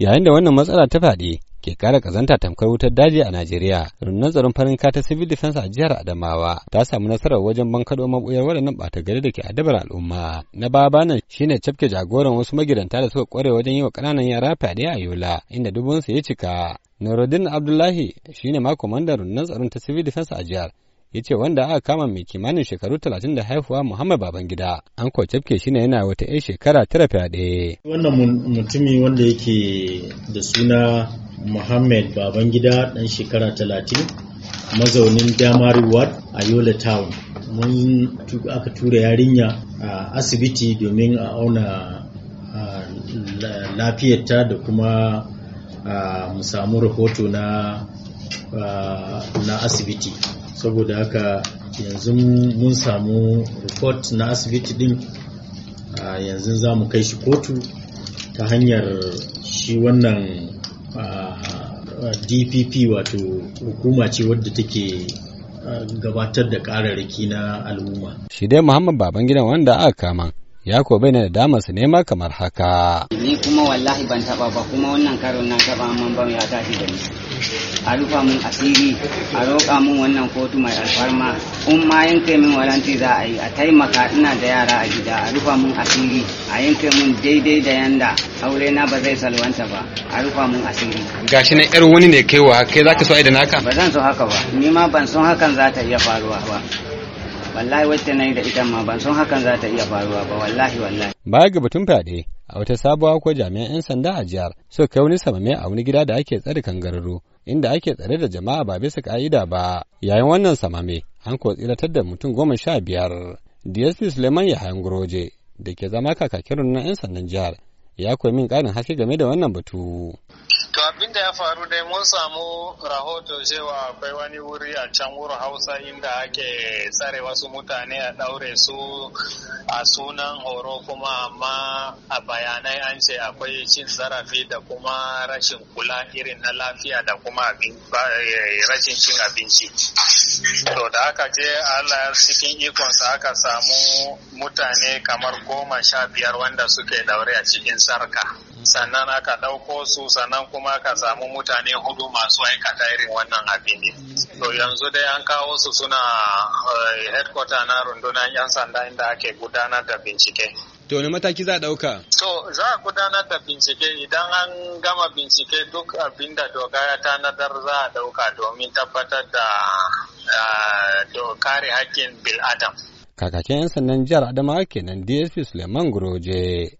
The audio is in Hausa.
yayin da wannan matsala ta faɗi ke kara kazanta tamkar wutar daji a Najeriya. Rundunar tsaron farin kata civil defense a jihar Adamawa ta samu nasarar wajen bankaɗo mabuyar waɗannan ɓata gari da ke adabar al'umma. Na babanan shine cafke jagoran wasu magidanta da suka kware wajen yi wa ƙananan yara fyaɗe a Yola inda dubunsu ya cika. Nuruddin Abdullahi shine ma kwamandan rundunar tsaron ta civil defense a jihar ya ce wanda aka kama mai kimanin shekaru talatin da haihuwa muhammad babangida an ko cafke shi ne yana wata 'yan shekara tara fyaɗe. wannan mutumi wanda yake da suna muhammad babangida ɗan shekara talatin mazaunin damari ward a yola town mun aka tura yarinya a asibiti domin a auna lafiyarta da kuma mu samu rahoto na Uh, na asibiti saboda haka yanzu mun samu report na asibiti din uh, yanzu za mu kai shi kotu ta hanyar shi wannan uh, dpp wato hukuma ce wadda take gabatar da kararraki na al'umma shi dai muhammad gidan wanda aka kama ya ko bai da damar su nema kamar haka ni kuma wallahi ban taba ba kuma wannan karo na taba amma ban ya tashi da ni a rufa mun asiri a roƙa mun wannan kotu mai alfarma in ma yanke min waranti za a yi a taimaka ina da yara a gida a rufa mun asiri a yanke mun daidai da yanda aure na ba zai salwanta ba a rufa mun asiri gashi na yar wani ne kaiwa kai zaka so da naka ba zan so haka ba ni ma ban son hakan za ta iya faruwa ba wallahi wacce na yi da ita ma ban son hakan za ta iya faruwa ba wallahi wallahi baya ga batun fyaɗe a wata sabuwa ko jami'an 'yan sanda a jihar suka kai wani samame a wani gida da ake tsare kangararru inda ake tsare da jama'a ba bisa ka'ida ba yayin wannan samame an ko tsiratar da mutum goma sha biyar dsp suleiman yahayan goroje da ke zama kakakin rundunar 'yan sandan jihar ya koyi min ƙarin haske game da wannan batu da ya faru dai mun samu rahoto cewa akwai wani wuri a can wuri hausa inda ake tsare wasu mutane a ɗaure su a sunan horo kuma amma a bayanai an ce akwai cin zarafi da kuma rashin kula irin na lafiya da kuma eh, rashin cin abinci to da aka je allah cikin ikonsa aka samu mutane kamar goma sha biyar wanda suke daure a cikin sarka sannan aka ɗauko su sannan kuma ka samu mutane hudu masu aikata irin wannan abin ne to yanzu dai an kawo su suna eh, headquarter na rundunar yan sanda inda ake gudanar da bincike To wani mataki za a ɗauka? So za a gudanar da bincike idan an gama bincike duk abin da doka ya tanadar za a ɗauka domin tabbatar da eh, kare hakkin bil'adam. Kakakin 'yan sandan jihar Adamawa kenan DSP Suleiman Guroje.